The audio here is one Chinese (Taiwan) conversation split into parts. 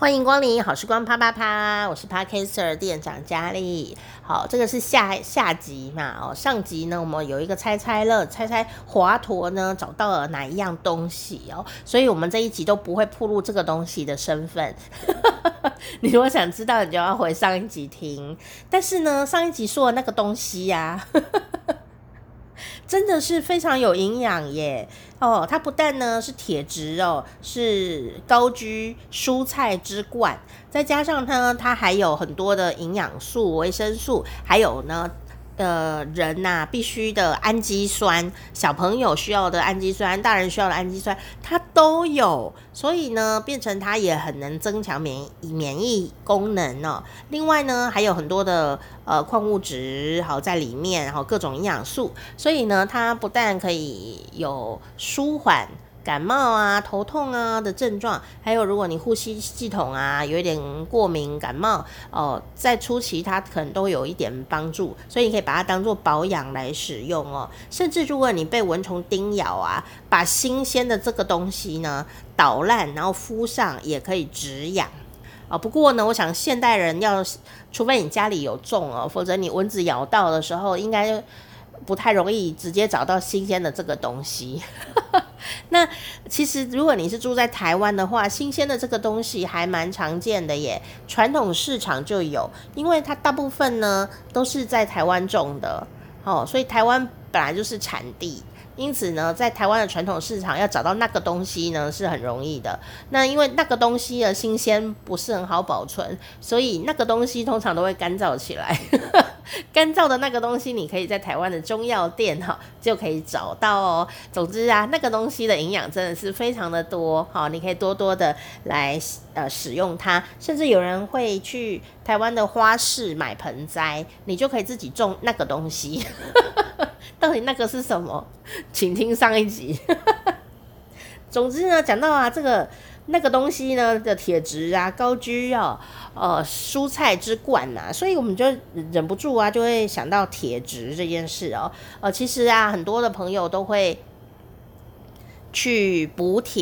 歡迎光臨好時光啪啪啪，我是 Parkaser 店長佳麗。好，這個是下下集嘛？哦，上集呢，我們有一個猜猜樂，猜猜華佗呢找到了哪一樣東西哦？所以，我們這一集都不會披露這個東西的身份。 你如果想知道，你就要回上一集聽。但是呢，上一集說的那個東西呀、啊。 真的是非常有營養耶！哦，它不但呢是鐵質哦，是高居蔬菜之冠，再加上它呢，它還有很多的營養素、維生素，還有呢。的、呃、人吶、啊，必需的氨基酸，小朋友需要的氨基酸，大人需要的氨基酸，它都有，所以呢，變成它也很能增強免免疫功能呢、哦。另外呢，還有很多的呃礦物質，好在裡面，然後各種營養素，所以呢，它不但可以有舒緩。感冒啊、頭痛啊的症狀，還有如果你呼吸系統啊有一點過敏、感冒哦，在初期它可能都有一點幫助，所以你可以把它當做保養來使用哦。甚至如果你被蚊蟲叮咬啊，把新鮮的這個東西呢搗爛，然後敷上也可以止癢啊、哦。不過呢，我想現代人要，除非你家裡有種哦，否則你蚊子咬到的時候應該。不太容易直接找到新鮮的這個東西。 那其實如果你是住在台灣的話，新鮮的這個東西還蠻常見的耶，傳統市場就有，因為它大部分呢都是在台灣種的，哦，所以台灣本來就是產地，因此呢，在台灣的傳統市場要找到那個東西呢是很容易的。那因為那個東西的新鮮不是很好保存，所以那個東西通常都會乾燥起來。 乾燥的那個東西，你可以在台灣的中藥店哈就可以找到哦。總之啊，那個東西的營養真的是非常的多哈，你可以多多的來呃使用它。甚至有人會去台灣的花市買盆栽，你就可以自己種那個東西。 到底那個是什麼？請聽上一集。 總之呢，講到啊這個。那個東西呢的鐵質啊，高居啊、喔，呃，蔬菜之冠啊。所以我們就忍不住啊，就會想到鐵質這件事哦、喔。呃，其實啊，很多的朋友都會去補鐵，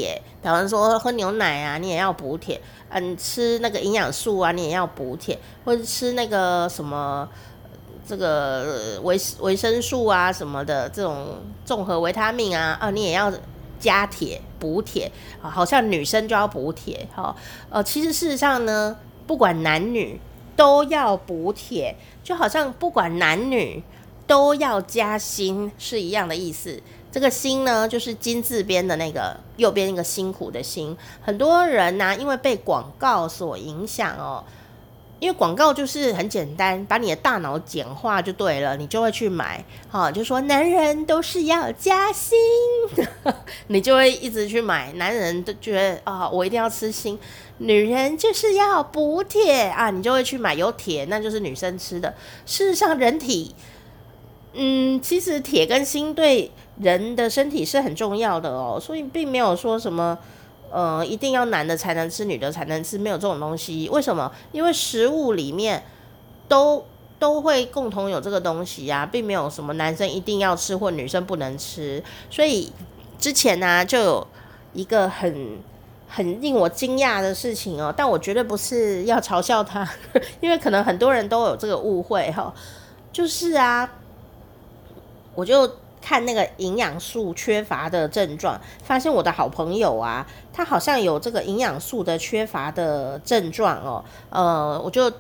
比方說喝牛奶啊，你也要補鐵，嗯、啊，吃那個營養素啊，你也要補鐵，或者吃那個什麼這個維維生素啊什麼的這種綜合維他命啊，啊，你也要。加鐵、補鐵，好像女生就要補鐵哈，呃，其實事實上呢，不管男女都要補鐵，就好像不管男女都要加鋅，是一樣的意思。這個“鋅”呢，就是“金”字邊的那個右邊那個辛苦的“辛”。很多人呢、啊，因為被廣告所影響哦。因為廣告就是很簡單，把你的大腦簡化就對了，你就會去買。哈、哦，就說男人都是要加薪呵呵，你就會一直去買。男人都覺得啊、哦，我一定要吃鋅，女人就是要補鐵啊，你就會去買有鐵，那就是女生吃的。事實上，人體，嗯，其實鐵跟鋅對人的身體是很重要的哦，所以並沒有說什麼。呃，一定要男的才能吃，女的才能吃，沒有這種東西。為什麼？因為食物裡面都都會共同有這個東西啊，並沒有什麼男生一定要吃或女生不能吃。所以之前呢，就有一個很很令我驚訝的事情哦，但我絕對不是要嘲笑他，因為可能很多人都有這個誤會哈。就是啊，我就。看那個營養素缺乏的症狀，發現我的好朋友啊，他好像有這個營養素的缺乏的症狀哦。呃，我就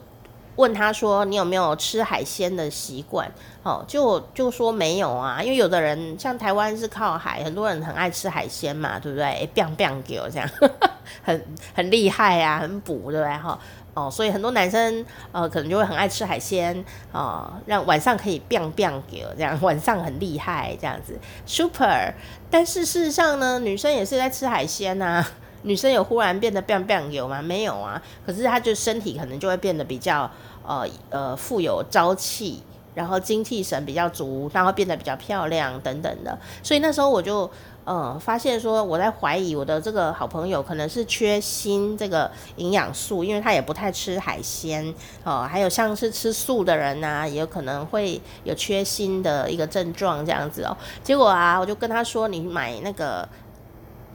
問他說：“你有沒有吃海鮮的習慣？”哦，就就說沒有啊，因為有的人像台灣是靠海，很多人很愛吃海鮮嘛，對不對？誒，bang bang 給我這樣，呵呵很很厲害啊，很補，對不對？哈、哦。哦，所以很多男生呃，可能就會很愛吃海鮮啊、哦，讓晚上可以變變油，這樣晚上很厲害這樣子，super。但是事實上呢，女生也是在吃海鮮吶、啊，女生有忽然變得變變有嗎？沒有啊，可是她就身體可能就會變得比較呃呃富有朝氣，然後精氣神比較足，然後變得比較漂亮等等的。所以那時候我就。嗯，發現說我在懷疑我的這個好朋友可能是缺鋅這個營養素，因為他也不太吃海鮮哦、嗯，還有像是吃素的人吶、啊，也有可能會有缺鋅的一個症狀這樣子哦。結果啊，我就跟他說，你買那個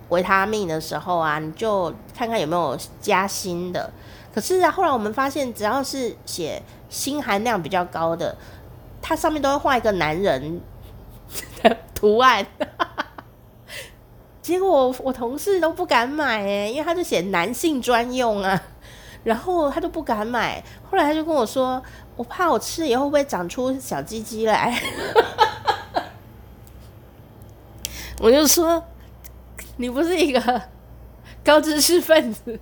維他命的時候啊，你就看看有沒有加鋅的。可是啊，後來我們發現，只要是寫鋅含量比較高的，它上面都會畫一個男人的 圖案。 結果我同事都不敢買誒，因為他就寫男性專用啊，然後他都不敢買。後來他就跟我說：“我怕我吃了以後會不會長出小雞雞來？” 我就說：“你不是一個高知識分子。”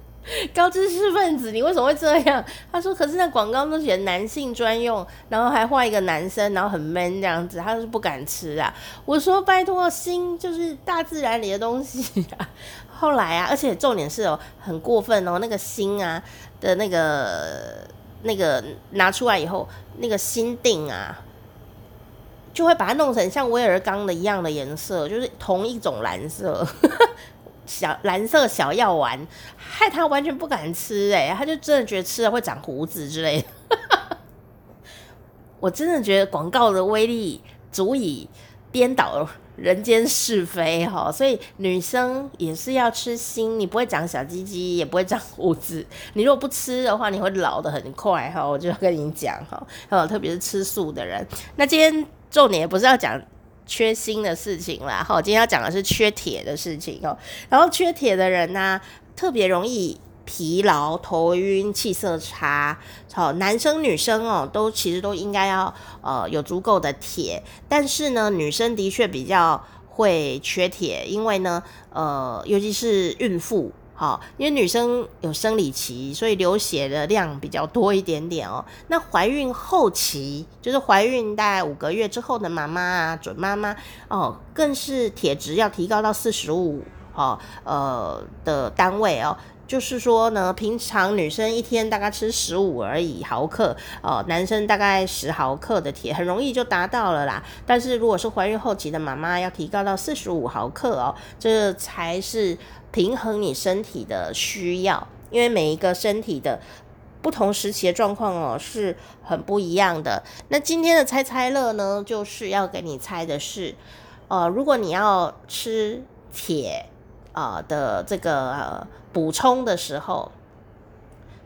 高知識分子，你為什麼會這樣？他說：“可是那廣告都寫男性專用，然後還畫一個男生，然後很 man 這樣子，他就是不敢吃啊。”我說拜、喔：“拜託，鋅就是大自然裡的東西啊。”後來啊，而且重點是哦、喔，很過分哦、喔，那個鋅啊的那個那個拿出來以後，那個鋅錠啊，就會把它弄成像威而鋼的一樣的顏色，就是同一種藍色。 小藍色小藥丸，害他完全不敢吃誒、欸，他就真的覺得吃了會長鬍子之類的。 我真的覺得廣告的威力足以顛倒人間是非哈，所以女生也是要吃鋅，你不會長小雞雞，也不會長鬍子。你如果不吃的話，你會老得很快哈，我就跟你講哈，特別是吃素的人。那今天重點不是要講。缺鋅的事情啦，好，今天要講的是缺鐵的事情哦、喔。然後缺鐵的人呢、啊，特別容易疲勞、頭暈、氣色差。好，男生女生哦、喔，都其實都應該要呃有足夠的鐵，但是呢，女生的確比較會缺鐵，因為呢，呃，尤其是孕婦。哦，因為女生有生理期，所以流血的量比較多一點點哦。那懷孕後期，就是懷孕大概五個月之後的媽媽啊，準媽媽哦，更是鐵質要提高到四十五哦，呃的單位哦。就是說呢，平常女生一天大概吃十五而已毫克，哦、呃，男生大概十毫克的鐵，很容易就達到了啦。但是如果是懷孕後期的媽媽，要提高到四十五毫克哦，這才是平衡你身體的需要，因為每一個身體的不同時期的狀況哦是很不一樣的。那今天的猜猜樂呢，就是要給你猜的是，呃，如果你要吃鐵。啊、呃、的這個補、呃、充的時候，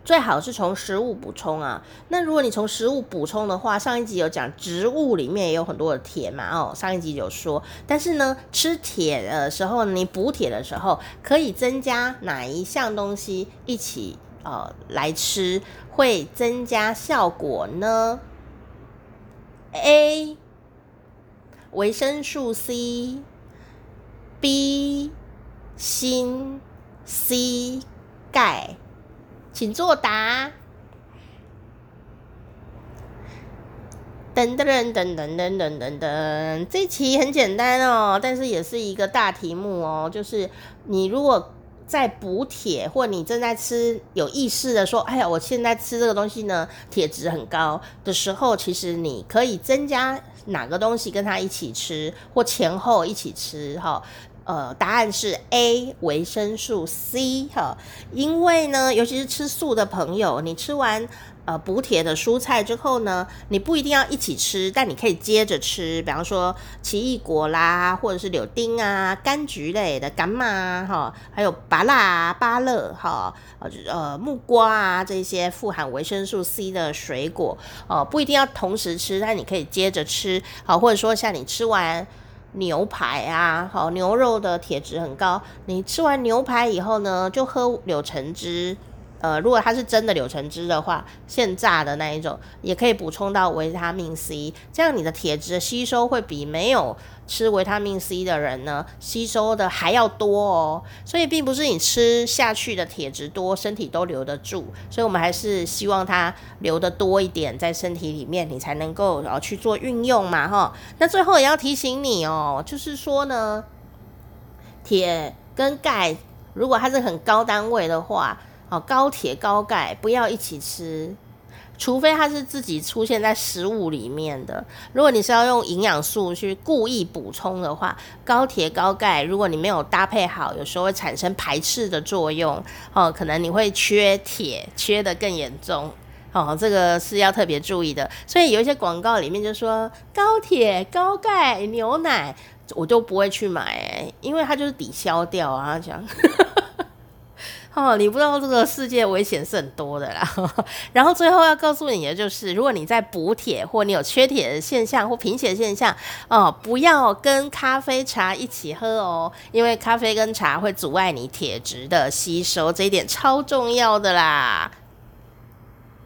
最好是從食物補充啊。那如果你從食物補充的話，上一集有講植物裡面也有很多的鐵嘛。哦，上一集有說，但是呢，吃鐵的時候，你補鐵的時候，可以增加哪一項東西一起呃來吃，會增加效果呢？A 維生素 C，B。鋅、硒、鈣，請作答。等等等等等等等等，這期很簡單哦，但是也是一個大題目哦。就是你如果在補鐵，或你正在吃，有意識的說，哎呀，我現在吃這個東西呢，鐵質很高的時候，其實你可以增加哪個東西跟它一起吃，或前後一起吃，哈。呃，答案是 A 維生素 C 哈、哦，因為呢，尤其是吃素的朋友，你吃完呃補鐵的蔬菜之後呢，你不一定要一起吃，但你可以接着吃，比方說奇異果啦，或者是柳丁啊、柑橘類的柑嘛哈、哦，還有芭拉芭樂哈、哦，呃木瓜啊這些富含維生素 C 的水果哦，不一定要同時吃，但你可以接着吃好、哦，或者說像你吃完。牛排啊，好，牛肉的鐵質很高。你吃完牛排以後呢，就喝柳橙汁。呃，如果它是真的柳橙汁的話，現榨的那一種也可以補充到維他命 C，這樣你的鐵質吸收會比沒有吃維他命 C 的人呢，吸收的還要多哦。所以並不是你吃下去的鐵質多，身體都留得住。所以我們還是希望它留得多一點，在身體裡面你才能夠呃去做運用嘛哈。那最後也要提醒你哦，就是說呢，鐵跟鈣，如果它是很高單位的話。哦，高鐵高鈣不要一起吃，除非它是自己出現在食物裡面的。如果你是要用營養素去故意補充的話，高鐵高鈣如果你沒有搭配好，有時候會產生排斥的作用。哦，可能你會缺鐵，缺得更嚴重。哦，這個是要特別注意的。所以有一些廣告裡面就說高鐵高鈣牛奶，我就不會去買，欸，因為它就是抵消掉啊，這樣。 哦，你不知道這個世界危險是很多的啦。 然後最後要告訴你的就是，如果你在補鐵，或你有缺鐵的現象，或貧血現象，哦，不要跟咖啡、茶一起喝哦，因為咖啡跟茶會阻礙你鐵質的吸收，這一點超重要的啦。